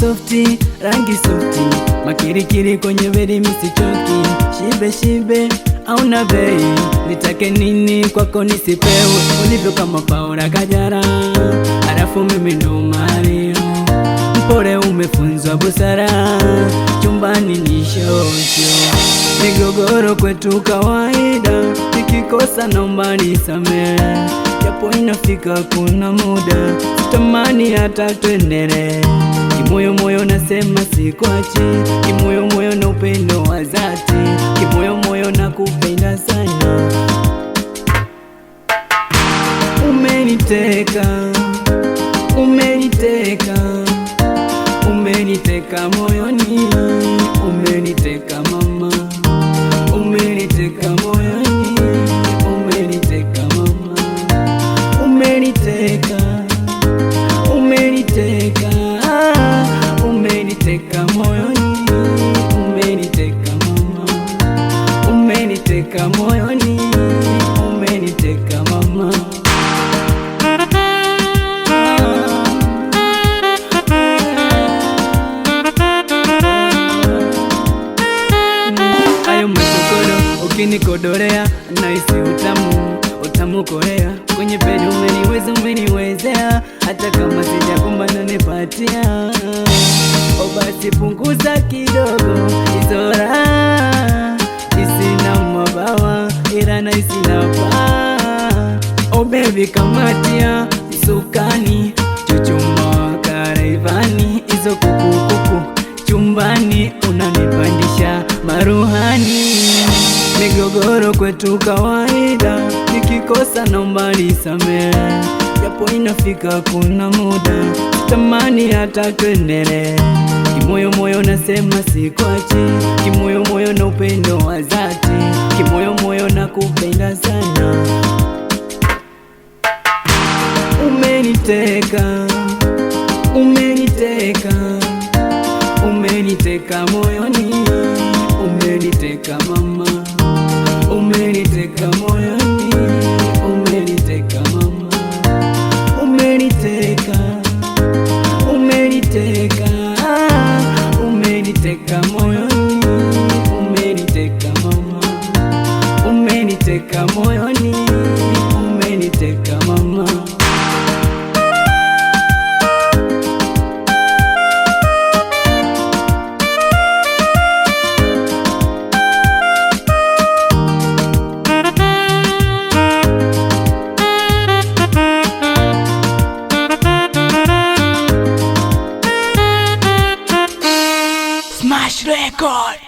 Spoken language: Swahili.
softi, rangi softi, makirikiri kwenye veri misichoki, shibe shibe na bei, nitake nini kwako nisipewe, ulivyo kama Paula Kajara, halafu mimi ndo Mario, mpore umefunzwa busara, chumbani ni shosho, migogoro kwetu kawaida, nikikosa naomba nisamehe, japo inafika kuna muda tamani hata tuendelee Kimoyo moyo nasema sikwachi, kimoyo moyo na upendo wa dhati, kimoyo moyo nakupenda sana. Umeniteka, umeniteka, umeniteka moyo ulinikodorea naisi utamu utamu korea kwenye pedi umeniweza umeniwezea hata kama sijakumba nanipatia o punguza kidogo izora isina mabawa ila naisi nafaa o bebi kamatia sukani chuchuma karaivani hizo kukukuku chumbani unanipandisha maruha Upendo kwetu kawaida, nikikosa naomba nisamehe, japo inafika kuna muda tamani hata tuendelee. Kimoyo moyo nasema sikwachi, kimoyo moyo na upendo wa dhati, kimoyo moyo na kupenda sana, umeniteka chega マッシュレコード